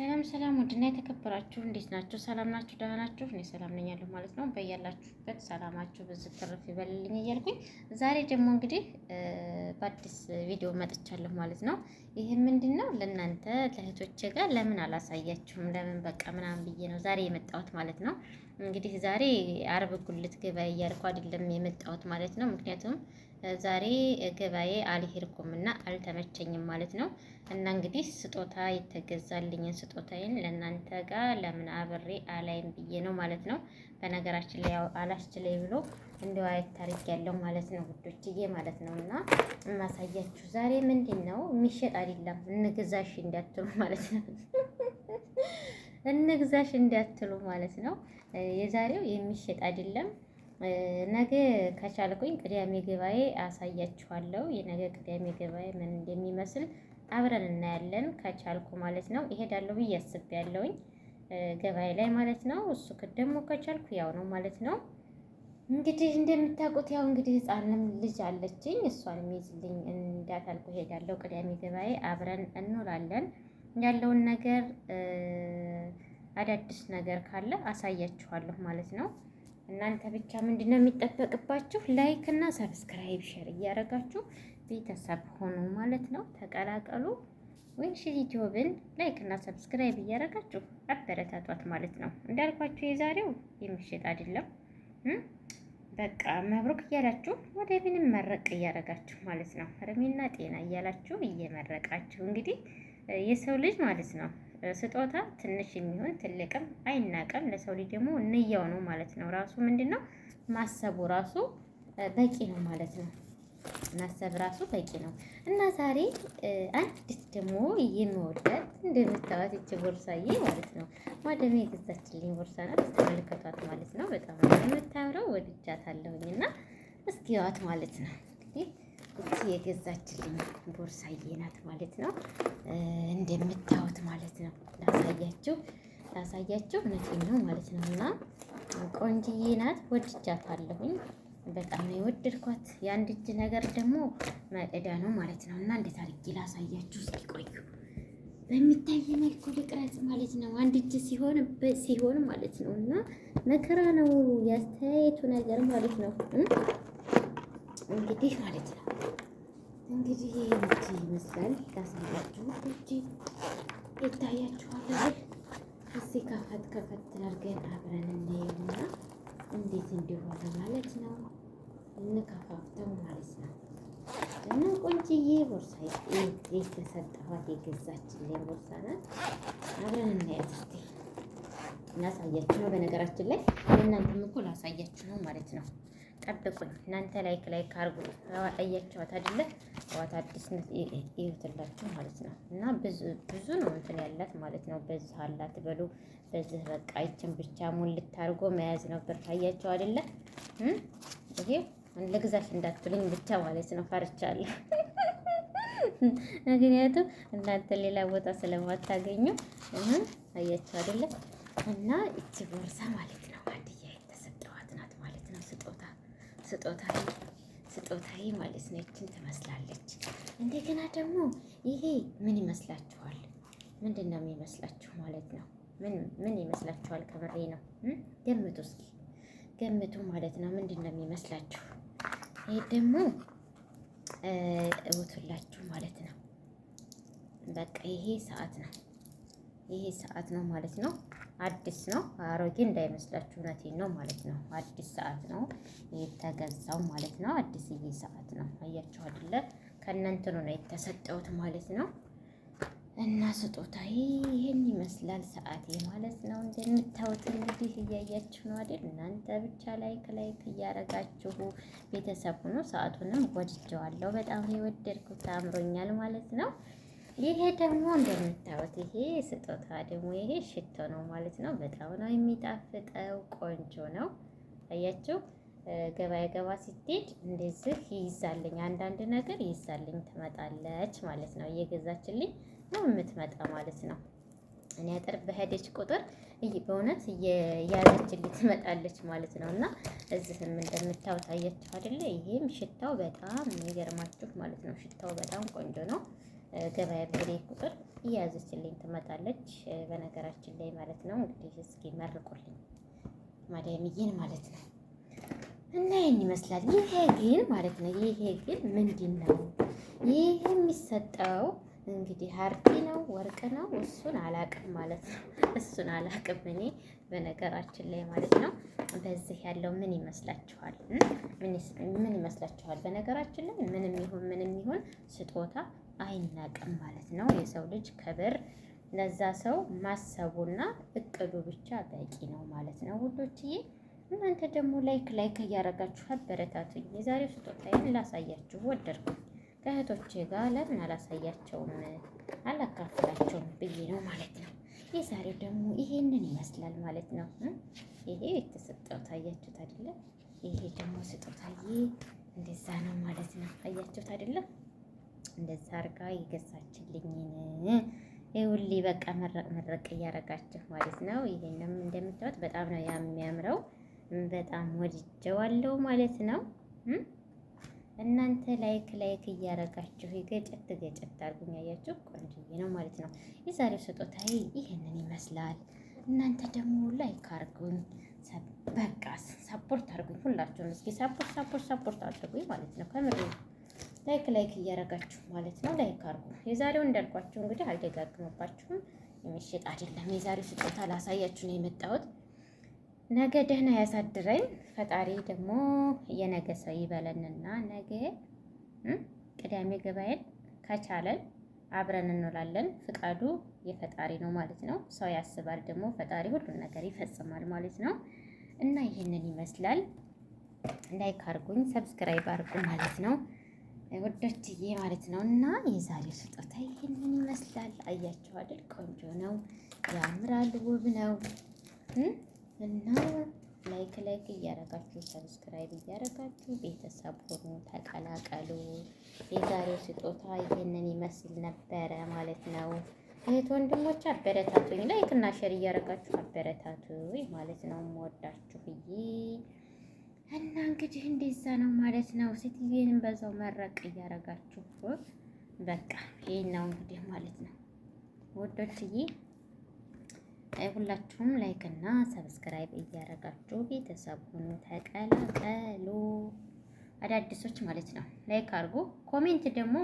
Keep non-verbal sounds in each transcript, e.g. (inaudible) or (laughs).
ሰላም ሰላም፣ ውድና የተከበራችሁ እንዴት ናችሁ? ሰላም ናችሁ? ደህና ናችሁ? እኔ ሰላም ነኝ ያለሁ ማለት ነው። በያላችሁበት ሰላማችሁ ብዙ ትርፍ ይበልልኝ እያልኩኝ ዛሬ ደግሞ እንግዲህ በአዲስ ቪዲዮ መጥቻለሁ ማለት ነው። ይህ ምንድን ነው? ለእናንተ ለእህቶቼ ጋር ለምን አላሳያችሁም? ለምን በቃ ምናምን ብዬ ነው ዛሬ የመጣሁት ማለት ነው። እንግዲህ ዛሬ አርብ ጉልት ገበያ እያልኩ አይደለም የመጣሁት ማለት ነው። ምክንያቱም ዛሬ ገበያ አልሄድኩም እና አልተመቸኝም ማለት ነው። እና እንግዲህ ስጦታ የተገዛልኝን ስጦታዬን ለእናንተ ጋር ለምን አብሬ አላይም ብዬ ነው ማለት ነው። በነገራችን ላይ አላስችለኝ ብሎ እንዲሁ አየት ታሪክ ያለው ማለት ነው ውዶችዬ ማለት ነው። እና የማሳያችሁ ዛሬ ምንድን ነው የሚሸጥ አይደለም እንግዛሽ እንዲያትሉ ማለት ነው። እንግዛሽ እንዲያትሉ ማለት ነው። የዛሬው የሚሸጥ አይደለም ነገ ከቻልኩኝ ቅዳሜ ገበያዬ አሳያችኋለሁ። የነገ ቅዳሜ ገበያ ምን እንደሚመስል አብረን እናያለን። ከቻልኩ ማለት ነው እሄዳለሁ ብዬ አስቤያለሁኝ ገበያ ላይ ማለት ነው። እሱ ደግሞ ከቻልኩ ያው ነው ማለት ነው። እንግዲህ እንደምታውቁት ያው እንግዲህ ህፃንም ልጅ አለችኝ እሷን የሚይዝልኝ እንዳታልኩ እሄዳለሁ ቅዳሜ ገበያ አብረን እንውላለን። ያለውን ነገር አዳዲስ ነገር ካለ አሳያችኋለሁ ማለት ነው። እናንተ ብቻ ምንድነው የሚጠበቅባችሁ? ላይክ እና ሰብስክራይብ ሼር እያደረጋችሁ ቤተሰብ ሆኖ ማለት ነው ተቀላቀሉ። ሺ ዩቲዩብን ላይክ እና ሰብስክራይብ እያደረጋችሁ አበረታቷት ማለት ነው። እንዳልኳችሁ የዛሬው የሚሸጥ አይደለም። በቃ መብሩክ እያላችሁ ወደ ምንም መረቅ እያደረጋችሁ ማለት ነው። እድሜና ጤና እያላችሁ እየመረቃችሁ እንግዲህ የሰው ልጅ ማለት ነው ስጦታ ትንሽ የሚሆን ትልቅም አይናቀም። ለሰው ልጅ ደግሞ ንያው ነው ማለት ነው። ራሱ ምንድን ነው ማሰቡ ራሱ በቂ ነው ማለት ነው። ማሰብ ራሱ በቂ ነው እና ዛሬ አንድ ደግሞ የሚወዳት እንደምታዋት ይቺ ቦርሳዬ ማለት ነው። ማደሜ የገዛችልኝ ቦርሳ ናት። ተመልከቷት ማለት ነው። በጣም የምታምረው ወድጃታለሁኝ እና እስኪዋት ማለት ነው እንግዲህ እዚህ የገዛችልኝ ቦርሳዬ ናት ማለት ነው። እንደምታዩት ማለት ነው። ላሳያችሁ ላሳያችሁ እውነቴን ነው ማለት ነው። እና ቆንጅዬ ናት፣ ወድጃታለሁኝ። በጣም ነው የወደድኳት። የአንድ እጅ ነገር ደግሞ መዕዳ ነው ማለት ነው። እና እንዴት አድርጌ ላሳያችሁ እስኪ ቆዩ። በሚታይ መልኩ ልቅረጽ ማለት ነው። አንድ እጅ ሲሆን ሲሆን ማለት ነው። እና መከራ ነው ያስተያየቱ ነገር ማለት ነው። እንግዲህ ማለት ነው። እንግዲህ ይህ ምች ይመስላል። ታሳያችሁ እጅ ይታያችኋል። እዚህ ከፈት ከፈት አድርገን አብረን እናየውና እንዴት እንደሆነ ማለት ነው። እንከፋፍተው ማለት ነው። እና ቆንጅዬ ቦርሳ የተሰጠኋት የገዛችልኝ ቦርሳ ናት። አብረን እናያት እስኪ። ላሳያችሁ ነው። በነገራችን ላይ እናንተም እኮ ላሳያችሁ ነው ማለት ነው። ጠብቁኝ እናንተ ላይክ ላይክ አድርጉ። ጠየቻዋት አይደለ ዋት አዲስ ይዩትላችሁ ማለት ነው። እና ብዙ ነው እንትን ያላት ማለት ነው። በዚህ አላት በሉ በዚህ በቃ ይችን ብቻ ሙን ልታርጎ መያዝ ነበር። ታያቸው አይደለ ይሄ ልግዛሽ እንዳትሉኝ ብቻ ማለት ነው። ፈርቻለሁ። ምክንያቱም እናንተ ሌላ ቦታ ስለማታገኙ አያቸው አይደለ እና እቺ ቦርሳ ማለት ስጦታዬ ስጦታዬ ማለት ነው። ይችን ትመስላለች። እንደገና ደግሞ ይሄ ምን ይመስላችኋል? ምንድን ነው የሚመስላችሁ ማለት ነው? ምን ይመስላችኋል? ከምሬ ነው። ገምቱ እስኪ ገምቱ ማለት ነው። ምንድን ነው የሚመስላችሁ? ይህ ደግሞ እውትላችሁ ማለት ነው። በቃ ይሄ ሰዓት ነው። ይሄ ሰዓት ነው ማለት ነው። አዲስ ነው፣ አሮጌ እንዳይመስላችሁ። እውነቴን ነው ማለት ነው። አዲስ ሰዓት ነው የተገዛው ማለት ነው። አዲስ አዲስዬ ሰዓት ነው። አያችሁ አይደለ? ከእናንተኑ ነው የተሰጠውት ማለት ነው። እና ስጦታ ይህን ይመስላል ሰዓቴ ማለት ነው። እንደምታዩት እንግዲህ እያያችሁ ነው አይደል? እናንተ ብቻ ላይክ ላይክ እያረጋችሁ ቤተሰብ ሁኑ። ሰዓቱንም ወድጀዋለሁ። በጣም የወደድኩት አምሮኛል ማለት ነው። ይሄ ደግሞ እንደምታዩት ይሄ ስጦታ ደግሞ ይሄ ሽቶ ነው ማለት ነው። በጣም ነው የሚጣፍጠው፣ ቆንጆ ነው። አያችሁ ገበያ ገባ ስትሄድ እንደዚህ ይይዛልኝ፣ አንዳንድ ነገር ይይዛልኝ ትመጣለች ማለት ነው። እየገዛችልኝ ነው የምትመጣ ማለት ነው። እኔ አጥር በሄደች ቁጥር በእውነት እየያዘችልኝ ትመጣለች ማለት ነው። እና እዚህም እንደምታዩት አያችሁ አይደለ? ይህም ሽታው በጣም የሚገርማችሁ ማለት ነው። ሽታው በጣም ቆንጆ ነው። ገበያ በሄደ ቁጥር እያያዘችልኝ ትመጣለች። በነገራችን ላይ ማለት ነው እንግዲህ እስኪ መርቁልኝ ማዳምዬን ማለት ነው። እና ይህን ይመስላል። ይሄ ግን ማለት ነው ይሄ ግን ምንድን ነው ይህ የሚሰጠው? እንግዲህ ሀርቲ ነው ወርቅ ነው እሱን አላቅም ማለት ነው። እሱን አላቅም እኔ በነገራችን ላይ ማለት ነው። በዚህ ያለው ምን ይመስላችኋል? ምን ይመስላችኋል? በነገራችን ላይ ምንም ይሁን ምንም ይሁን ስጦታ አይናቅም ማለት ነው። የሰው ልጅ ክብር ለዛ ሰው ማሰቡና እቅዱ ብቻ በቂ ነው ማለት ነው ውዶችዬ። እናንተ ደግሞ ላይክ ላይክ እያደረጋችሁ አበረታቱኝ። የዛሬው ስጦታዬን ላሳያችሁ ወደድኩኝ። ከእህቶቼ ጋር ለምን አላሳያቸውም አላካፍላቸውም ብዬ ነው ማለት ነው። የዛሬው ደግሞ ይሄንን ይመስላል ማለት ነው። ይሄ የተሰጠው ታያችሁት አይደለም? ይሄ ደግሞ ስጦታዬ እንደዛ ነው ማለት ነው። አያችሁት አይደለም? እንደዛ አድርጋ የገዛችልኝን ሁሌ በቃ መረቅ መረቅ እያረጋችሁ ማለት ነው። ይሄንም እንደምታዩት በጣም ነው የሚያምረው። በጣም ወድጀዋለሁ ማለት ነው። እናንተ ላይክ ላይክ እያረጋችሁ የገጨት ገጨት አድርጉኝ። ያያችሁ ቆንጆዬ ነው ማለት ነው። የዛሬው ስጦታዬ ይሄንን ይመስላል። እናንተ ደግሞ ላይክ አርጉኝ፣ በቃ ሰፖርት አርጉኝ። ሁላችሁም እስኪ ሰፖርት ሰፖርት ሰፖርት አድርጉኝ ማለት ነው ከምር ላይክ ላይክ እያደረጋችሁ ማለት ነው። ላይክ አርጉ። የዛሬው እንዳልኳችሁ እንግዲህ አልደጋግምባችሁም። የሚሸጥ አይደለም የዛሬው ስጦታ ላሳያችሁ ነው የመጣሁት። ነገ ደህና ያሳድረኝ ፈጣሪ ደግሞ የነገ ሰው ይበለንና ነገ ቅዳሜ ገበያን ከቻለን አብረን እንውላለን። ፍቃዱ የፈጣሪ ነው ማለት ነው። ሰው ያስባል ደግሞ ፈጣሪ ሁሉን ነገር ይፈጽማል ማለት ነው። እና ይህንን ይመስላል። ላይክ አርጉኝ፣ ሰብስክራይብ አርጉ ማለት ነው። ውዶችዬ ማለት ነው። እና የዛሬው ስጦታ ይህንን ይመስላል። አያችሁ አይደል? ቆንጆ ነው፣ ያምራል፣ ውብ ነው እና ላይክ ላይክ እያረጋችሁ ሰብስክራይብ እያረጋችሁ ቤተሰብ ሆኑ ተቀላቀሉ። የዛሬው ስጦታ ይህንን ይመስል ነበረ ማለት ነው። እህት ወንድሞች አበረታቱኝ። ላይክ እና ሼር እያረጋችሁ አበረታቱኝ ማለት ነው። ወዳችሁ ብዬ እና እንግዲህ እንደዛ ነው ማለት ነው። ሴትዬንም በዛው መረቅ እያደረጋችሁ በቃ ይሄን ነው እንግዲህ ማለት ነው ወዶችዬ ሁላችሁም ላይክ እና ሰብስክራይብ እያረጋችሁ ቤተሰብ ሁኑ፣ ተቀላቀሉ። አዳዲሶች ማለት ነው ላይክ አድርጉ። ኮሜንት ደግሞ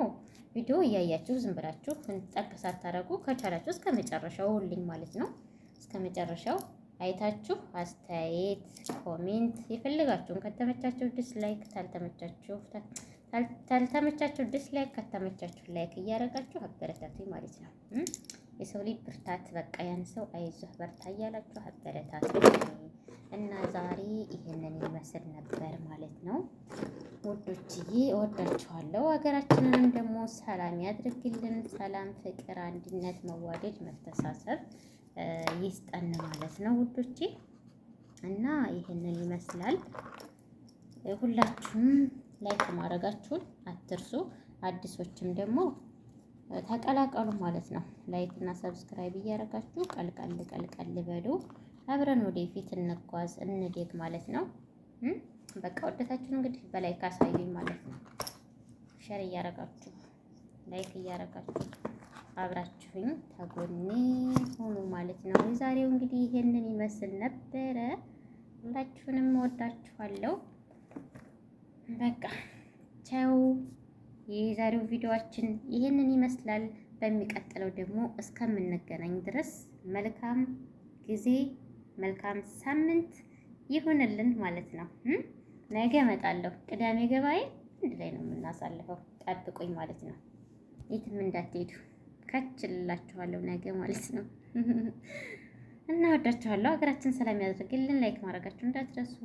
ቪዲዮ እያያችሁ ዝም ብላችሁ ጠቅ ሳታረጉ ከቻላችሁ እስከ መጨረሻው ሁልኝ ማለት ነው እስከ መጨረሻው አይታችሁ አስተያየት ኮሜንት የፈለጋችሁን ከተመቻችሁ ዲስላይክ ታልተመቻችሁ ታልተመቻችሁ ዲስላይክ ከተመቻችሁ ላይክ እያደረጋችሁ አበረታቱኝ ማለት ነው። የሰው ልጅ ብርታት በቃ ያን ሰው አይዞህ በርታ እያላችሁ አበረታቱ እና ዛሬ ይህንን ይመስል ነበር ማለት ነው። ውዶችዬ እወዳችኋለሁ። ሀገራችንንም ደግሞ ሰላም ያድርግልን። ሰላም፣ ፍቅር፣ አንድነት፣ መዋደድ፣ መተሳሰብ ይስጠን ማለት ነው ውዶቼ። እና ይህንን ይመስላል። ሁላችሁም ላይክ ማድረጋችሁን አትርሱ። አዲሶችም ደግሞ ተቀላቀሉ ማለት ነው። ላይክ እና ሰብስክራይብ እያደረጋችሁ ቀልቀል ቀልቀል በሉ። አብረን ወደፊት እንጓዝ እንደግ ማለት ነው። በቃ ወደታችሁ እንግዲህ በላይክ አሳዩኝ ማለት ነው። ሸር እያደረጋችሁ ላይክ እያደረጋችሁ አብራችሁኝ ተጎኔ ሆኑ ማለት ነው። የዛሬው እንግዲህ ይሄንን ይመስል ነበረ። ሁላችሁንም ወዳችኋለሁ። በቃ ቻው። የዛሬው ቪዲዮአችን ይሄንን ይመስላል። በሚቀጥለው ደግሞ እስከምንገናኝ ድረስ መልካም ጊዜ መልካም ሳምንት ይሁንልን ማለት ነው። ነገ እመጣለሁ። ቅዳሜ ገባዬ አንድ ላይ ነው የምናሳልፈው። ጠብቁኝ ማለት ነው። የትም እንዳትሄዱ። ከችልላችኋለሁ ነገ ማለት ነው። (laughs) እና ወዳችኋለሁ። ሀገራችን ሰላም ያደርግልን። ላይክ ማድረጋችሁ እንዳትረሱ።